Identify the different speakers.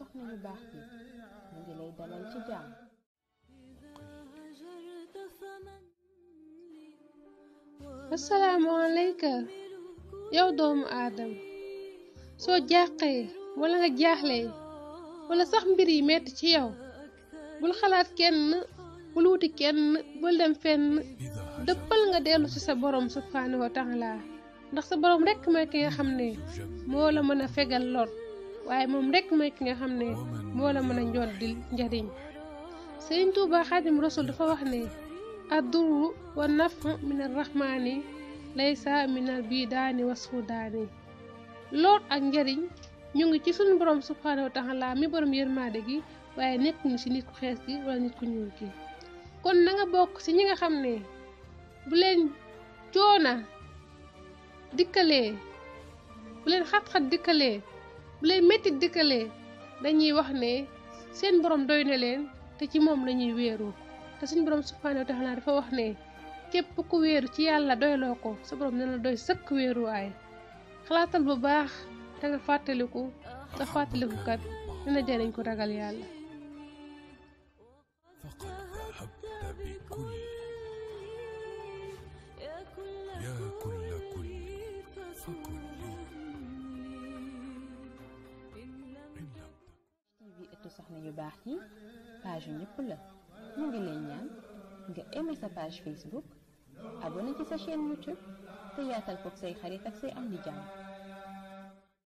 Speaker 1: soxna yu baax yi mu ngi lay dalal ci jàmm asalaamaaleyka yow doomu aadama soo jàqee wala nga jaaxlee wala sax mbir yi metti ci yow bul xalaat kenn bul wuti kenn bul dem fenn dëppal nga dellu ci sa borom subhaanahu wa taala ndax sa borom rekk mooy ki nga xam ne moo la mën a fegal lor waaye moom rekk mooy ki nga xam ne moo mën a njool di njariñ sëriñ Tuuba xaadim rasul dafa wax ne adduru wa nafu min arrahmaani laysa min al bidaani wa suudaani lor ak njariñ ñu ngi ci suñu borom subhaanahu wa taala mi borom yërmaade gi waaye nekk ñu ci nit ku xees gi wala nit ku ñuul gi kon na bokk ci ñi nga xam ne bu leen coona dikkalee bu leen xat-xat dikkalee bu leen dañuy wax ne seen borom doy na leen te ci moom la ñuy wéeru suñu borom subhaanahu wa taala dafa wax ne képp ko wéeru ci yàlla doyloo ko sa borom dina la doy sëkk wéeruwaay xalaatal bu baax. te nga fàttaliku te fàttalikukat dina jëriñ ku ragal yàlla soxna yu baax yi page yu la mu ngi lay ñaan nga aimé sa page Facebook abonné ci sa YouTube te yaatal ko say xarit say am di jàmm